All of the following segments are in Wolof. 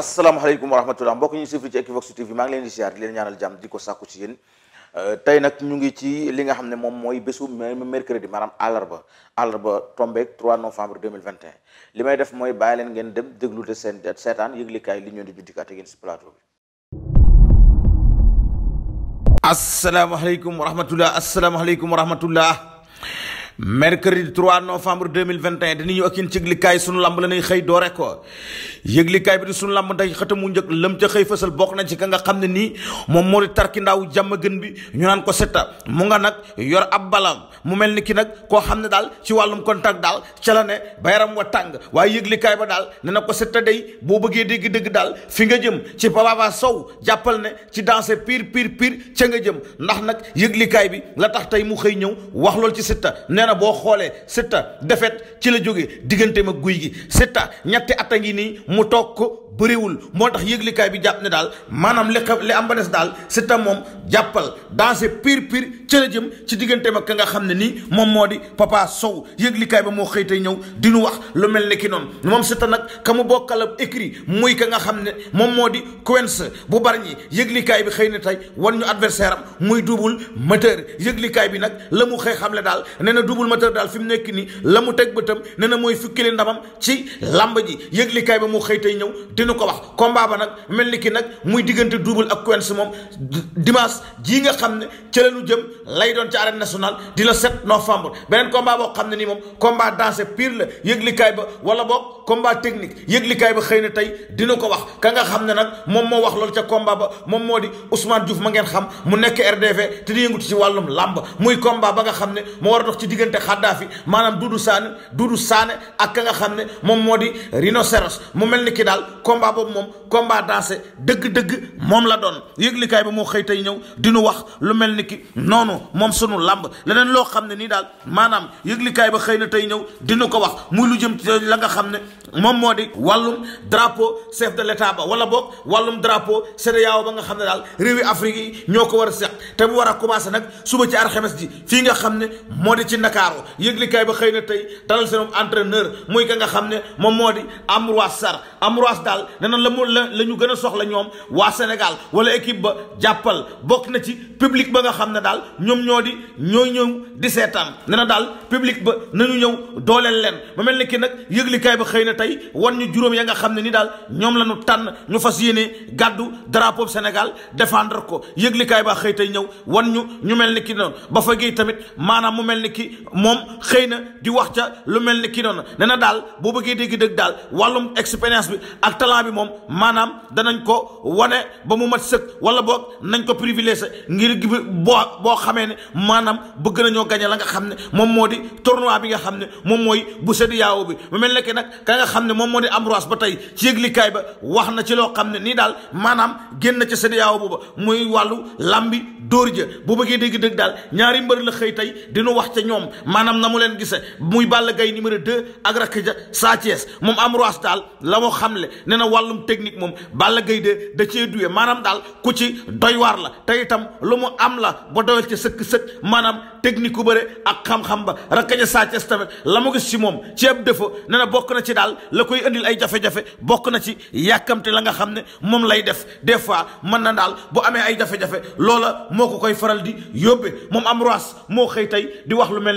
asalaamaaleykum wa rahmatulah mbokk ñu suivre ci Equivox TV maa ngi leen di leen ñaanal jàmm di ko sàkku ci yéen euh, tey nag ñu ngi ci li nga xam ne moom mooy bésu mercredi maanaam àllarba àllarba tombeeg 3 novembre 2021 li may def mooy bàyyi leen ngeen dem déglu de seen seetaan yëglikaay li ñu di juddikaat ngeen si plateau bi. asalaamaaleykum wa rahmatulah asalaamaaleykum wa rahmatulah. mercredi 3 novembre 2021 dinañu ak yéen ci yëglikaay sunu lamb la ñuy xëy doore ko yëglikaay bi di sunu lamb tey xëtamu njëkk lëm ca xëy fësal bokk na ci ka nga xam ne nii moom moo di tarki ndaaw jàmm gën bi ñu naan ko setta mu nga nag yor ab balam mu mel ni ki nag koo xam ne daal ci wàllum contact daal ca la ne ba yaram wa tàng waaye yëglikaay ba daal ne na ko setta day boo bëggee dégg-dégg daal fi nga jëm ci Papa Sow jàppal ne ci danse piir pire pire ca nga jëm ndax nag yëglikaay bi la tax tey mu xëy ñëw wax lool ci setta na boo xoolee Siteu defet ci la jógee digganteem ak guy gi Siteu ñetti at a ngi nii mu toog ko bëriwul moo tax yëglikaay bi jàpp ne daal maanaam li li am ba des daal Siteu moom jàppal dansé pire pire ci la jëm ci digganteem mag ka nga xam ne nii moom moo di Papa Sow yëglikaay bi moo xëy tey ñëw di nu wax lu mel ne ki noonu moom Siteu nag ka mu bokkal ab écrit muy ka nga xam ne moom moo di Quench bu bari ñi yëglikaay bi xëy na tey war ñu adversaire am muy double moteur yëglikaay bi nag la mu xëy daal Bul Matar daal fi mu nekk nii la mu teg bëtam nee na mooy fukkili ndamam ci làmb ji yëglikaay ba mu xëy tey ñëw dina ko wax combat ba nag mel ni ki nag muy diggante Double ak Quench moom dimanche jii nga xam ne ca jëm lay doon ci arène nationale di la 7 novembre beneen combat boo xam ne nii moom combat dansé pire la yëglikaay ba wala boo combat technique yëglikaay ba xëy na tey dina ko wax ka nga xam ne nag moom moo wax loolu ca combat ba moom moo di Ousmane Diouf ma ngeen xam mu nekk RDV te di yëngutu ci wàllum làmb muy combat ba nga xam ne moo war a dox ci diggante Xaddaafi maanaam Duudu Saane Duudu Saane ak ka nga xam ne moom moo di rhinocéros mu mel ni ki daal combat boobu moom combat dansé dëgg-dëgg moom la doon yëglikaay bi moo xëy tey ñëw di wax lu mel ni ki noonu moom sunu làmb leneen loo xam ne nii daal maanaam yëglikaay ba xëy na tey ñëw dinu ko wax muy lu jëm la nga xam ne moom moo di wàllum drapeau chef de l'état ba wala boog wàllum drapeau CEDEAO ba nga xam ne daal réewi Afrique yi ñoo ko war a seq te bu war a commencé nag suba ci alxames ji fii nga xam ne moo di ci nag ndakaaru yëglikaay ba xëy na tey dalal seen entraîneur muy ka nga xam ne moom moo di Ambroise Sarr Ambroise daal ne nan la mu la la ñu gën a soxla ñoom waa Sénégal wala équipe ba jàppal bokk na ci publique ba nga xam ne daal ñoom ñoo di ñooy ñëw di seetaan ne daal public ba nañu ñëw dooleel leen ba mel ni ki nag yëglikaay ba xëy na tey wan ñu juróom ya nga xam ne ni daal ñoom la ñu tànn ñu fas yéene gàddu drapeau Sénégal défendre ko yëglikaay ba xëy tey ñëw wan ñu ñu mel ni ki noonu ba fa gi tamit maanaam mu mel ni ki moom xëy na di wax ca lu mel ni kii noonu nee daal boo bëggee dégg dëgg daal wàllum expérience bi ak talent bi moom maanaam danañ ko wane ba mu mat sëkk wala boog nañ ko privilégié ngir boo boo xamee ne maanaam bëgg nañoo gagné la nga xam ne moom di tournoi bi nga xam ne moom mooy bu sedd yaaw bi mu mel ne que nag ka nga xam ne moom moo di Ambroise ba tey ci yëglikaay ba wax na ci loo xam ne nii daal maanaam génn ca sedd yaaw booba muy wàllu làmbi dóor ja bu bëggee dégg dëgg daal ñaari mbër la xëy tey dinu wax ca ñoom maanaam na mu leen gise muy Balla Gaye numéro 2 ak rakk ja Sa Thiès moom Ambroise daal la moo xamle ne na wàllum technique moom Balla Gaye de da cee duwee maanaam daal ku ci doy waar la tey itam lu mu am la ba doyal ca sëkk-sëkk maanaam technique ku bëre ak xam-xam ba rakk ja Sa tamit la mu gis ci moom ci ab défaut ne bokk na ci daal la koy indil ay jafe-jafe bokk na ci yàkkamte la nga xam ne moom lay def des fois mën na daal bu amee ay jafe-jafe loola moo ko koy faral di yóbbe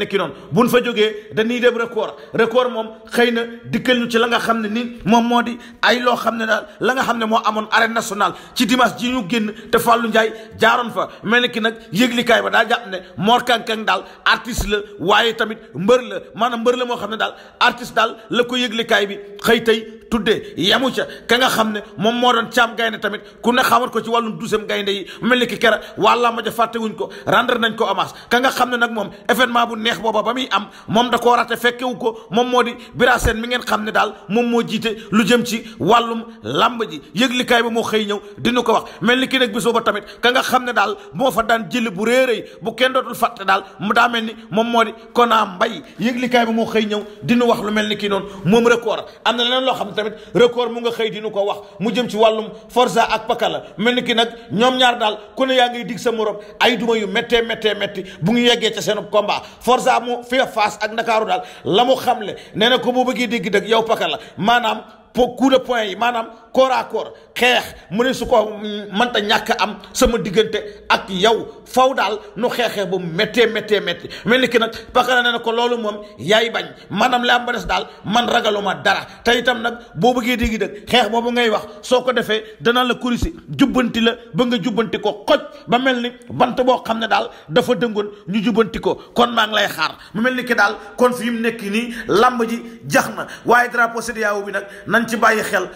nekki noonu buñ fa jógee dañuy dem record record moom xëy na dikkal ñu ci la nga xam ne ni moom moo di ay loo xam ne daal la nga xam ne moo amoon arène national ci dimanche ji ñu génn te Fallou Ndiaye jaaroon fa mel ne ki nag yëglikaay ba daa jàpp ne Mor Kankang daal artiste la waaye tamit mbër la maanaam mbër la moo xam ne daal artiste daal la ko yëglikaay bi xëy tey tuddee yamu ca ka nga xam ne moom moo doon caam gaynde tamit ku ne xamat ko ci wàllum douzième gaynde yi mel ni ki kera wàllaa ma ja fàtte wuñ ko rendre nañ ko hommage ka nga xam ne nag moom événement bu neex booba ba muy am moom da koo rate fekkewu ko moom moo di Bira Sène mi ngeen xam ne daal moom moo jiite lu jëm ci wàllum làmb ji yëglikaay bi moo xëy ñëw dinu ko wax mel ni ki nag bisoo tamit ka xam ne daal moo fa daan jëli bu réeréy bu kenn dootul fàtte daal mu daa mel ni moom moo di Kona Mbaye yëglikaay ba moo xëy ñëw dinu wax lu mel ni kii noon moom record am na leneen loo xam tamit record mu nga xëy di ko wax mu jëm ci wàllum Forza ak Paka la mel ni ki nag ñoom ñaar daal ku ne yaa ngi dig sa morom ay duma yu méttee méttee métti bu ngi yeggee ca seen combat Forza mu fee fas ak Ndakaaru daal la mu xamle nee na ko boo bëggee dégg dëgg yow Paka la maanaam pour coup de yi maanaam corps à corps xeex mu ne su ko man mënta ñàkk am sama diggante ak yow faw daal nu xeexee bu méttee méttee métti mel ni ki nag pakara ne na ko loolu moom yaay bañ maanaam la am ba des daal man ragaluma dara tey itam nag boo bëggee dégg dëgg xeex boobu ngay wax soo ko defee danaa la kurisi jubbanti la ba nga jubbanti ko xoj ba mel ni bant boo xam ne daal dafa dëngoon ñu jubbanti ko kon maa ngi lay xaar mu mel ni ki daal kon fi mu nekk nii lamb ji jax na waaye drapeau bi nag nañ ci bàyyi xel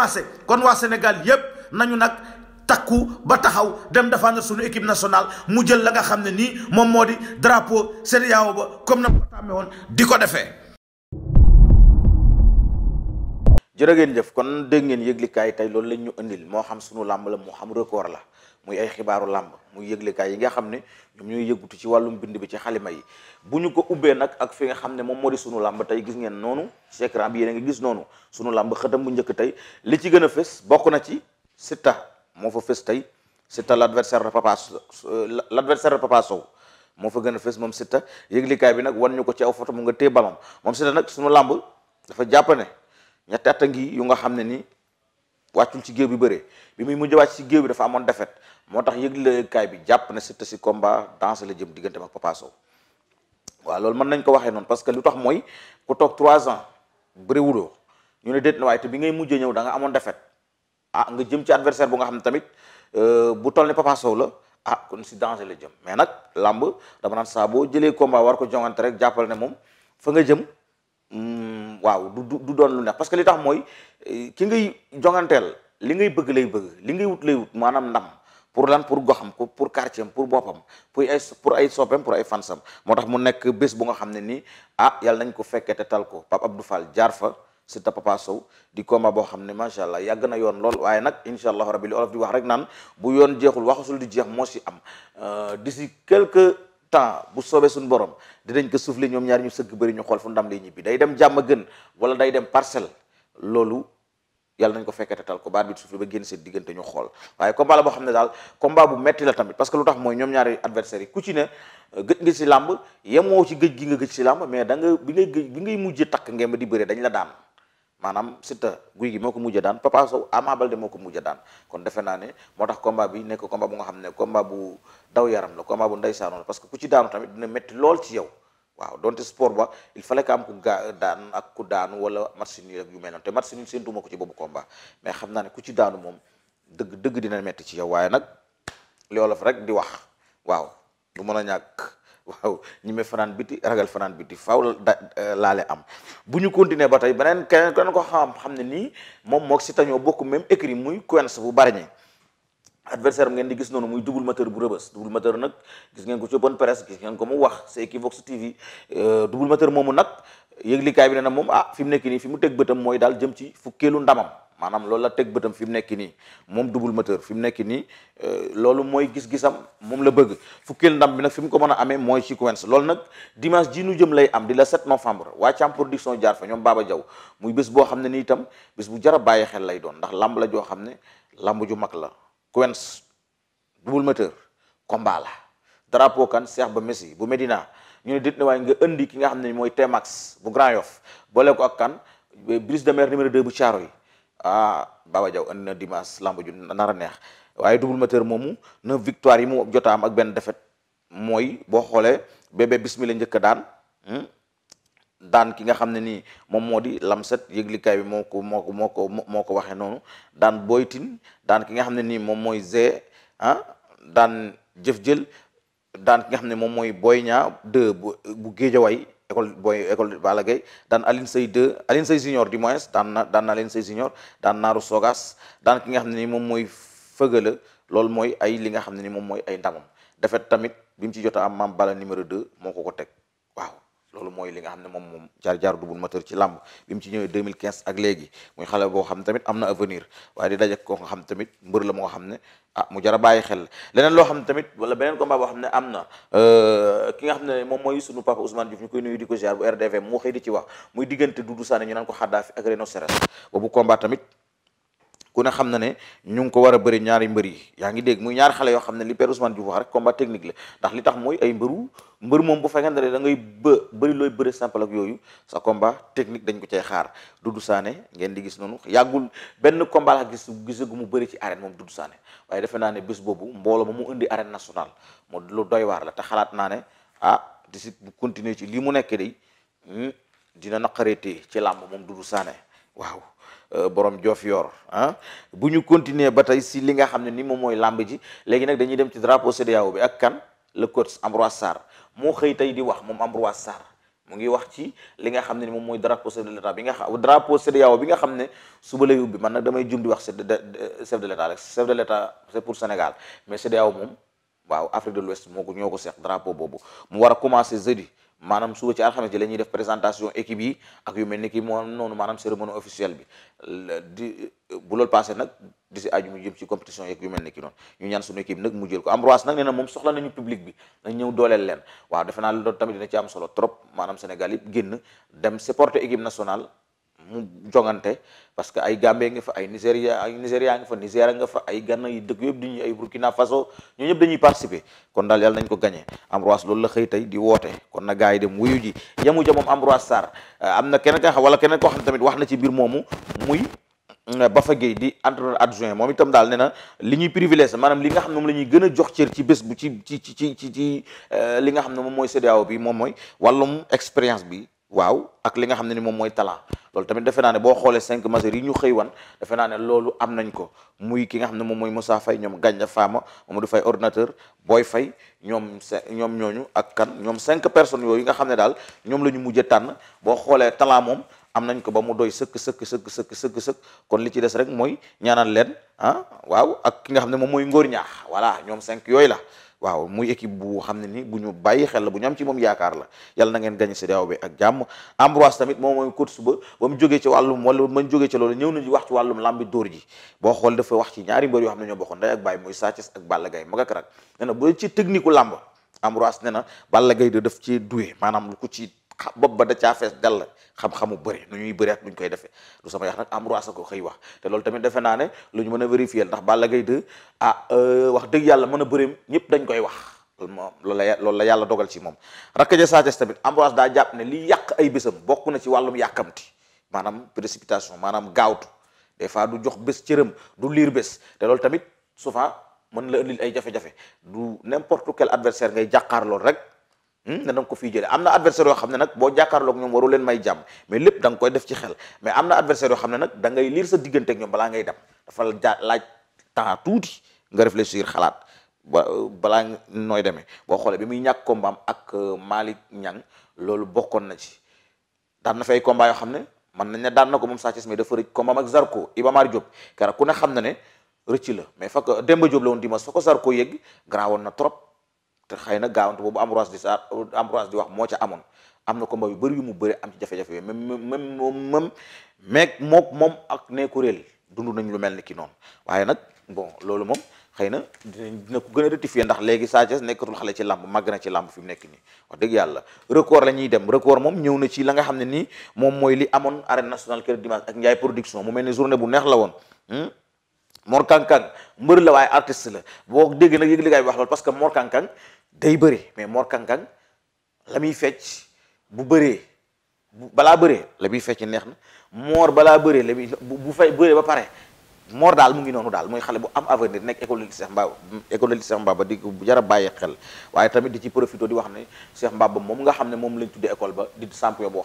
avancé kon waa Sénégal yépp nañu nag takku ba taxaw dem défendre suñu équipe nationale mu jël la nga xam ne nii moom moo di drapeau CEDEAO ba comme na ko tàmmee woon di ko defee jërë ngeen jëf kon dégg ngeen yëglikaay tey loolu lañ ñu indil moo xam sunu làmb la moo xam record la muy ay xibaaru làmb muy yëglikaay yi nga xam ne ñoom ñooy yëgutu ci wàllu bind bi ci xalima yi bu ñu ko ubbee nag ak fi nga xam ne moom moo di sunu làmb tey gis ngeen noonu ci écran bi gis noonu sunu làmb xëtam bu njëkk tey li ci gën a fës bokk na ci Siteu moo fa fës tey Siteu l'adversaire de Papa euh, l'adversaire de Papa Sow moo fa gën a fës moom Siteu yëglikaay bi nag wan ñu ko ci aw photo mu nga téye ballon moom Siteu nag sunu làmb dafa jàpp ne ñetti at ngi yu nga xam ne ni wàccul ci géew bi bëree bi muy mujj wàcc ci géew bi dafa amoon defet moo tax yëgle kaay bi jàpp na Siteu si combat danse la jëm diggante ak Papa Sow waaw loolu mën nañ ko waxee noonu parce que lu tax mooy ku toog trois ans bëriwuloo ñu ne déet na waaye te bi ngay mujjee ñëw da nga amoon defet ah nga jëm ci adversaire bu nga xam ne tamit euh, bu toll ni Papa la ah kon si danger la jëm mais nag làmb dama naan saa boo jëlee combat war ko jongante rek jàppal ne moom fa nga jëm hmm, waaw du du doon lu neex parce que li tax mooy eh, ki ngay jonganteel li ngay bëgg lay bëgg li ngay wut lay wut maanaam ndam pour lan pour goxam ko pour quartier am pour boppam pour ay pour ay soppeem pour ay fansam moo tax mu nekk bés bu nga xam ne nii ah yàlla nañ ko fekkee te tal ko Pape du faal jaar fa si ta Papa Sow di combat boo xam ne macha allah yàgg na yoon lool waaye nag incha allah rabbi li olof di wax rek naan bu yoon jeexul waxasul di jeex moo si am euh, d'ici quelques temps bu soobee suñu borom dinañ ko suufle ñoom ñaari ñu sëgg bëri ñu xool fu ndam lay ñibbi day dem jàmm gën wala day dem parcelle loolu yàlla nañ ko fekkee te tal ko baat suufle ba génn seen diggante ñu xool waaye combat la boo xam ne daal combat bu metti la tamit parce que lu tax mooy ñoom ñaari adversaires yi ku ci ne euh, gëj nga ci làmb yemoo ci gëj gi nga gëj si làmb mais da nga bi ngay gëj bi ngay mujjee takk ngeen di bëree dañ la daan maanaam Siteu guy gi moo ko mujj daan Papa Sow Ama Baldé moo ko mujj daan kon defe naa ne moo tax combat bi nekk combat bu nga xam ne combat bu daw yaram la combat bu parce que ku ci daanu tamit dina métti lool ci yow waaw donte sport ba il fallait que am ku gaa daan ak ku daanu wala match nul rek yu mel noonu te match nul séentuma ko ci boobu combat mais xam naa ne ku ci daanu moom dëgg dëgg dina métti ci yow waaye nag loolu rek di wax waaw du mën a ñàkk. waaw ñi me fanaan biti ragal fanaan biti faw da euh, laale am bu ñu continuer ba tey beneen keneen ko xam xam ne nii moom moo si tañoo bokk même écrit muy Queens bu bari Bargny adversaire am ngeen di gis noonu muy double moteur bu rëbës double moteur nag gis ngeen ko ci bonne presque gis ngeen ko mu wax ci Equivox TV euh, double moteur moomu nag yëglikaay bi ne na moom ah fi mu nekk nii fi mu teg bëtam mooy daal jëm ci fukkeelu ndamam maanaam loolu la teg bëtam fi mu nekk nii moom double moteur fi mu nekk euh, loolu mooy gis-gisam moom la bëgg fukkeel ndam bi nag fi mu ko mën a amee mooy ci Queens loolu nag dimanche ji nu jëm lay am di la 7 novembre waa am production jaar fa ñoom Baba Diaw muy bés boo xam ne nii itam bés bu jar a bàyyi xel lay doon ndax lamb la joo xam ne lamb ju mag la Queens double moteur combat la drapeau kan Cheikh Ba Messi bu Medina ñu ne dit ne waaye nga indi ki nga xam ne mooy Tmax bu Grand Yoff boole ko ak kan brise de mer numéro 2 bu ah Baba Diaw andi na dimanche lamb ju nar neex waaye double moteur moomu na victoire yi mu jotaam ak benn defet mooy boo xoolee bébé bismillah njëkk a daan hmm? daan ki nga xam ne ni moom moo di lamset yëglikaay bi moo ko moo ko moo ko moo ko waxee noonu daan boytin daan ki nga xam ne nii moom mooy Zé ah? daan jëf jël daan ki nga xam ne moom mooy Boy ñaa 2 bu bu way école booy école Balla Gaye daan Alioune Seye 2 Alioune Seye junior du moins daan na daan na Alioune junior daan naaru Sogas daan ki nga xam ne ni moom mooy fëgala loolu mooy ay li nga xam ne ni moom mooy ay ndamam defet tamit bi mu ci jot am maam bala numéro 2 moo ko ko teg waaw loolu mooy li nga xam ne moom moom jaar-jaar du bul moteur ci làmb bi mu ci ñëwee 2015 ak léegi muy xale boo xam tamit am na avenir waaye di daje ko nga xam tamit mbër la moo xam ne ah mu jar a bàyyi xel leneen loo xam ne tamit wala beneen combat boo xam ne am na euh, ki nga xam ne moom mooy sunu papa Ousmane Diouf ñu koy nuyu di ko ziar bu RDV moo xëy di ci wax muy diggante Doudou Sané ñu naan ko Xaddaafi ak Rhinocéros boobu combat tamit ku ne xam na ne ñu ngi ko war a bëri ñaari mbër yi yaa ngi dégg muy ñaari xale yoo xam ne li père Ousmane Diouf wax rek combat technique la ndax li tax mooy ay mbëru mbër moom bu fekkente ne dangay ngay bë bëri looy bëri simple ak yooyu sa combat technique dañ ko cay xaar du Sané ngeen di gis noonu yàggul benn combat la gis gu mu bëri ci arène moom Doudou Sané waaye defe naa ne bés boobu mbooloo mu indi arène nationale mu lu doy waar la xalaat naa ne ah di bu continuer ci lii mu nekk day hmm, dina naqareetee ci làmb moom Doudou Sané waaw Euh, borom jof yor ah bu ñu continuer ba tey si li nga xam ne ni moom mooy làmb ji léegi nag dañuy dem ci drapeau CEDEAO bi ak kan le coach Ambroise Sarr moo xëy tey di wax moom Ambroise Sarr mu ngi wax ci li nga xam ne ni moom mooy drapeau chef de bi nga xam drapeau CEDEAO bi nga xam ne suba lay ubbi man nag damay jum di wax chef de chef de l'état rek chef de l'état pour Sénégal mais CEDEAO moom waaw Afrique de l'Ouest moo ko ñoo ko seex drapeau boobu mu war a commencer jeudi maanaam suba ci alxames ji la ñuy def présentation équipe yi ak yu mel ni ki moom noonu maanaam cérémonie officielle bi di bu loolu passé nag di si aju mu ci compétition yeeg yu mel ni ki noonu ñu ñaan suñu équipe nag mu jël ko Ambroise nag nee na moom soxla nañu public bi nag ñëw dooleel leen waaw defe naa loolu tamit dina ci am solo trop maanaam Sénégal yëpp génn dem supporter équipe nationale mu jongante parce que ay gambee nga fa ay Nigéria ay Nigéria nga fa Nigéria nga fa ay Ghana yi dëkk yëpp di ñuy ay Burkina Faso ñoo ñëpp dañuy participer kon daal yàlla nañ ko gagné Ambroise loolu la xëy tey di woote kon na gars yi dem wuyu ji yamu ja moom Ambroise Sarr euh, am na keneen ka wala keneen koo xam tamit wax na ci biir moomu muy euh, Bafa Gueye di entraîneur adjoint moom itam daal ne na li ñuy privilège maanaam li nga xam ne moom la ñuy gën a jox cër ci bés bu ci ci ci ci ci euh, li nga xam ne moom mooy CEDEAO bi moom mooy wàllum expérience bi waaw ak li nga xam ne ni moom mooy talent loolu tamit defe naa ne boo xoolee cinq majeurs yi ñu xëy wan defe naa ne loolu am nañ ko muy ki nga xam ne moom mooy Moussa Faye ñoom Ganja Fama Mamadou Faye ordinateur Boy Faye ñoom ñoom ñooñu ak kan ñoom cinq personnes yooyu nga xam ne daal ñoom la ñu mujj tànn boo xoolee talent moom am nañ ko ba mu doy sëkk sëkk sëkk sëkk sëkk sëkk kon li ci des rek mooy ñaanal leen ah waaw ak ki nga xam ne moom mooy ngóor ñaax voilà ñoom cinq yooyu la waaw muy équipe bu xam ne ni bu ñu bàyyi xel la bu ñu am ci moom yaakaar la yàlla na ngeen gagné CEDEAO bi ak jàmm Ambroise tamit moom mooy coach ba ba mu jógee ci wàllum wala man jógee loolu ñëw nañu wax ci wàllum lambi dóor ji boo xool dafa wax ci ñaari mbër yoo xam ne ñoo bokkoon ndey ak baay muy Sa Thiès ak Balla Gaye mag ak rak bu ci technique làmb Ambroise nee na Balla Gaye daf ci duwee maanaam lu ko ci bopp ba da caa fees dell xam-xamu bëri nu ñuy bëri ak nu ñu koy defee du sama yax nag am ruwaasa xëy wax te loolu tamit defe naa ne lu ñu mën a vérifier ndax Balla Gaye 2 ah euh, wax dëgg yàlla mën a bëreem ñëpp dañ koy wax moom loolu la loolu la yàlla dogal ci moom rakk ja Sa Thiès tamit Ambroise daa jàpp ne li yàq ay bésam bokk na ci wàllum yàkkamti maanaam précipitation maanaam gaawtu des fois du jox bés cëram du liir bés te loolu tamit souvent mën la indil ay jafe-jafe du n'importe quel adversaire ngay jàkkaarloo rek ne hmm? na ko fii jëlee am na adversaire yoo xam ne nag boo jàkkaarloog ñoom waru leen may jàmm mais lépp da nga koy def ci xel mais am na adversaire yoo xam ne nag da ngay sa diggante ak ñoom balaa ngay dafa ja laaj temps tuuti nga réfléchir xalaat ba balaa nooy demee boo xoolee bi muy ñàkk kombaam ak euh, Malick Niang loolu bokkoon na ci daan na fay combat yoo xam ne mën nañ ne daan na ko moom Sa Thiès mais dafa rëcc kombaam ak Zarko Iba Mar Diop kara ku ne xam na ne rëcc la mais fa ko Demba Diop la woon dimanche fa ko Zarko yegg garaawoon na trop te xëy na gaawante boobu Ambroise di sa Ambroise di wax moo ca amoon am na ko yu bëri yu mu bëri am ci jafe-jafe yooyu moom même meeg mook moom ak nee kuréel dund nañ lu mel ni ki noonu waaye nag bon loolu moom xëy na dinañ dina ko gën a ndax léegi Sa Thiès nekkatul xale ci làmb màgg na ci làmb fi mu nekk nii wax dëgg yàlla record la ñuy dem record moom ñëw na ci la nga xam ne nii moom mooy li amoon arène nationale kër dimanche ak Ndiaye production mu mel ni journée bu neex la woon hmm? Mor Kankang mbër la waaye artiste la boo dégg nag yëg wax loolu parce que Mor Kankang day bëri mais moor Kang Kang la muy fecc bu bëree bu balaa bëree la muy fecc neex na Mor balaa bëree la muy bu fay bëree ba pare Mor daal mu ngi daal muy xale bu am avenir nekk école Cheikh Mbaba école Cheikh Mbaba di jara bàyyi xel waaye tamit di ci profité di wax ne Cheikh Mbaba moom nga xam ne moom lañ tuddee école ba di champion boo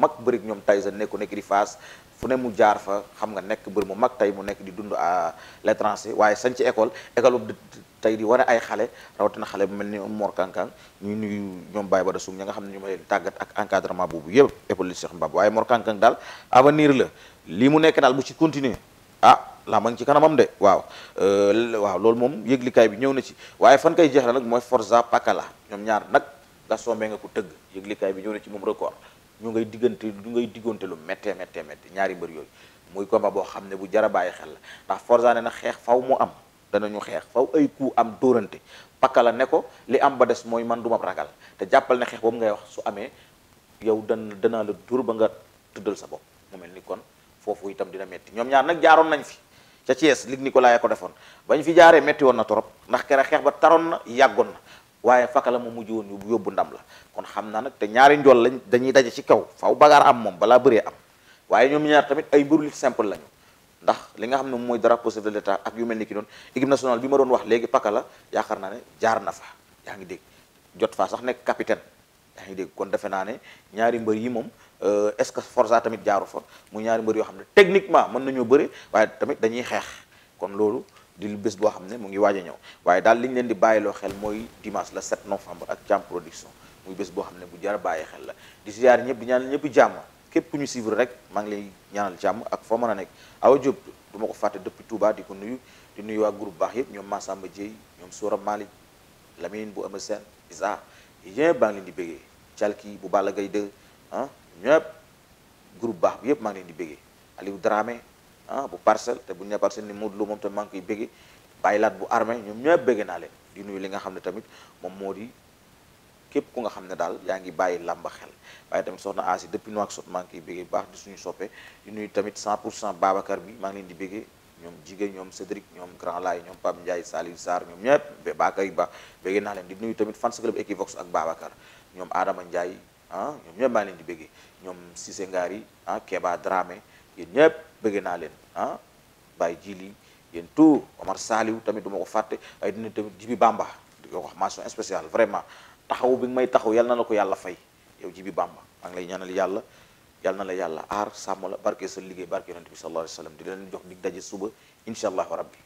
mag bërik ñoom Tyson nekku nekk di Fass fu ne mu jaar fa xam nga nekk mbër mu mag tey mu nekk di dund à l'étranger waaye sañ ci école école boobu tey di wane ay xale rawatina xale bu mel ni Mor Kankan ñu nuyu ñoom Baye Bada Soum ña nga xam ne ñu may tàggat boobu yëpp école Cheikh Mbaba waaye Mor Kankan daal avenir la lii mu nekk daal bu ci continuer ah laa ngi ci kanamam de waaw euh, waaw loolu moom yëglikaay bi ñëw na ci waaye fan kay jeexal nag mooy Forza la ñoom ñaar nag Gaston Mbengue nga ko tëgg yëglikaay bi ñëw na ci moom record ñu ngay diggante ñu ngay diggante lu méttee méttee méttee ñaari mbër yooyu muy combat boo xam ne bu jara bàyyi xel la ndax na xeex faw mu am danañu xeex faw ay coup am dóorante Pakala ne ko li am ba des mooy man du ma ragal te jàppal ne xeex boobu ngay wax su amee yow dan danaa la dóor ba nga tëddal sa bopp mu mel ni kon foofu itam dina metti ñoom ñaar nag jaaroon nañ fi ca Thiès lig ko ya ko defoon bañ fi jaaree metti woon na torop ndax kera xeex ba taroon na yàggoon na waaye faka la mu mujj woon yóbbu ndam la kon xam naa nag te ñaari njool lañ dañuy daje ci kaw faw bagaar am moom balaa bëree am waaye ñoom ñaar tamit ay mburu lutte simple lañu ndax li nga xam ne mooy dara chef de l'état ak yu mel ni ki noonu équipe nationale bi ma doon wax léegi paka la yaakaar naa ne jaar na fa yaa ngi dégg jot faa sax nekk capitaine yaa ngi dégg kon defe naa ne ñaari mbër yi moom Euh, est-ce que Forza tamit jaaru fa mu ñaari mbër yoo xam ne techniquement mën nañoo bëri waaye tamit dañuy xeex kon loolu di lu bés boo xam ne mu ngi waaj ñëw waaye daal li ñu leen di bàyyiloo xel mooy dimanche le 7 novembre ak Jam Production muy bés boo xam ne bu jar bàyyi xel la di ziar ñëpp di ñaanal ñëpp jàmm képp ku ñu suivre rek maa ngi lay ñaanal jàmm ak foo mën a nekk Awa Diop du ma ko fàtte depuis Touba di ko nuyu di nuyu waa groupe baax yëpp ñoom Massamba Dieye ñoom Soura Malick Lamine bu Ama Sène Isa yéen baa ngi leen di béggee calki bu Balla Gaye 2 ah ñëpp group baax bi yëpp maa ngi leen di béggee Aliou Dramé ah, bu parcelle te bu ñu nee parcelle ni Modou Lo moom tamit maa ngi koy béggee bàyyi laat bu armee ñoom ñëpp béggee naa leen di nuyu li nga xam ne tamit moom moo di képp ku nga xam ne daal yaa ngi bàyyi làmba xel waaye tamit soxna Asi depuis Nouakchott maa ngi koy bu di nuyu tamit 100 pour cent Babacar bi maa ngi leen di béggee ñoom jigéen ñoom Cédric ñoom Grand Laye ñoom Pape Ndiaye Saliou Sarr ñoom ñëpp Bakary Ba naa leen di nuyu tamit fans club Equivox ak Babacar ñoom Adama Ndiaye ah ñoom ñëpp maa leen di bëggee ñoom Cissé Ngari ah Kéba Dramé yéen ñëpp bëgg naa leen ah Baye Djili yéen tout Omar Saliou tamit du ma ko fàtte ay dina tamit Jibi bàmba di ko wax mention spéciale vraiment taxaw bi nga may taxaw yal na la ko yàlla fay yow Jibi Bamba maa ngi lay ñaanal yàlla yal na la yàlla aar sàmm la barke sa liggéey barke yonent bi sallallahu alayhi wa di leen jox dig daje suba incha allahu rabbi